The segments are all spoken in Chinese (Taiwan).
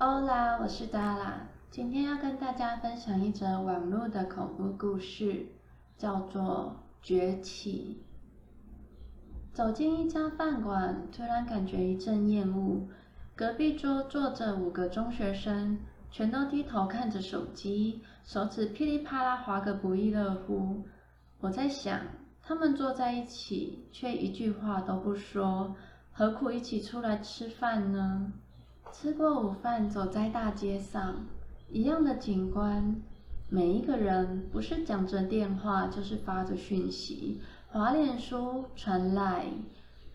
Hola，我是 Dala，今天要跟大家分享一則網絡的恐怖故事，叫做《崛起》。走進一家飯館，突然感覺一陣厭惡。隔壁桌坐着五個中學生，全都低頭看着手機，手指噼裡啪啦劃個不亦樂乎。我在想，他們坐在一起，卻一句話都不說。何苦一起出來吃飯呢？吃過午飯，走在大街上，一樣的景觀，每一個人不是講着電話，就是發着訊息，滑臉書、傳來，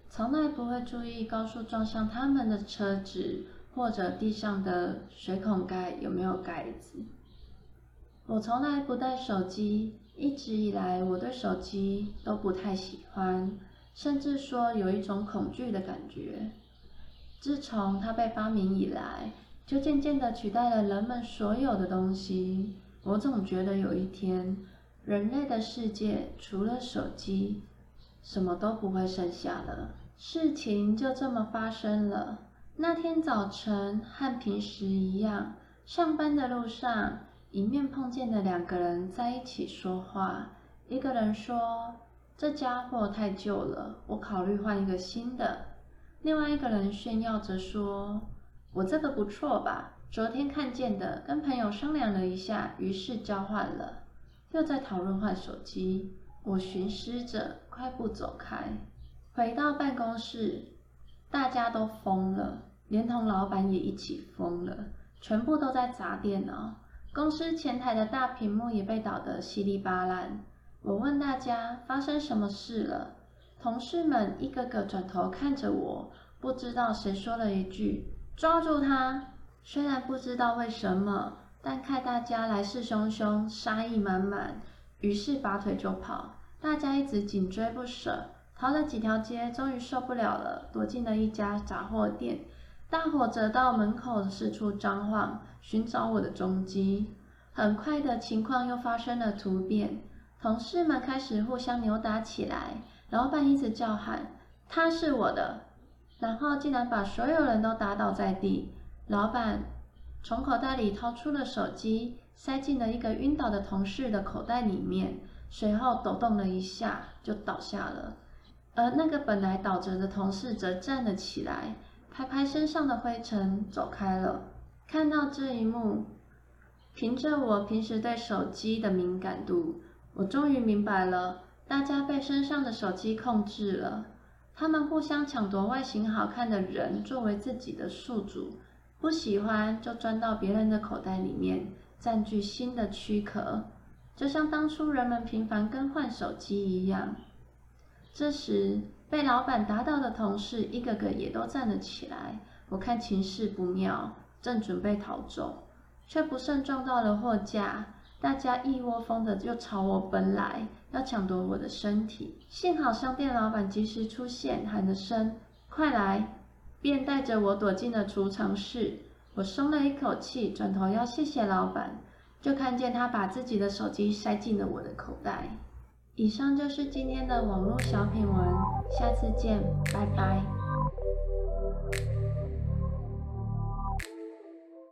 從來不會注意高速撞上他們的車子，或者地上的水孔蓋有沒有蓋子。我從來不帶手機，一直以來我對手機都不太喜歡。甚至說有一種恐懼的感覺。自從它被發明以來，就漸漸的取代了人們所有的東西。我總覺得有一天，人類的世界除了手機，什麼都不會剩下了。事情就這麼發生了。那天早晨和平時一樣，上班的路上，迎面碰見的兩個人在一起說話，一個人說：這傢伙太舊了，我考慮換一個新的。另外一個人炫耀着說：“我這個不錯吧？昨天看見的，跟朋友商量了一下，於是交換了。”又在討論換手機。我尋思着，快步走開。回到辦公室，大家都瘋了，連同老闆也一起瘋了，全部都在砸電腦。公司前台的大屏幕也被搗得稀里巴爛。我問大家發生什麼事了，同事們一個個轉頭看着我，不知道誰說了一句“抓住他”。雖然不知道為什麼，但看大家來勢洶洶，殺意滿滿，於是拔腿就跑。大家一直緊追不舍，逃了幾條街，終於受不了了，躲進了一家雜貨店。大夥則到門口四處張望，尋找我的蹤跡。很快的情況又發生了突變。同事們開始互相扭打起來，老闆一直叫喊：“他是我的！”然後竟然把所有人都打倒在地。老闆從口袋裡掏出了手機，塞進了一個暈倒的同事的口袋裡面，隨後抖動了一下就倒下了。而那個本來倒着的同事則站了起來，拍拍身上的灰塵走開了。看到這一幕，憑着我平時對手機的敏感度。我終於明白了，大家被身上的手機控制了。他們互相搶奪外形好看的人作為自己的宿主，不喜歡就鑽到別人的口袋裡面，占據新的軀殼，就像當初人們頻繁更換手機一樣。這時，被老闆打倒的同事一個個也都站了起來。我看情勢不妙，正準備逃走，卻不慎撞到了貨架。大家一窩蜂的就朝我奔來，要搶奪我的身體。幸好商店老板及時出現，喊了聲“快來”，便帶着我躲進了儲藏室。我鬆了一口氣，轉頭要謝謝老板，就看見他把自己的手機塞進了我的口袋。以上就是今天的網絡小品文，下次見，拜拜。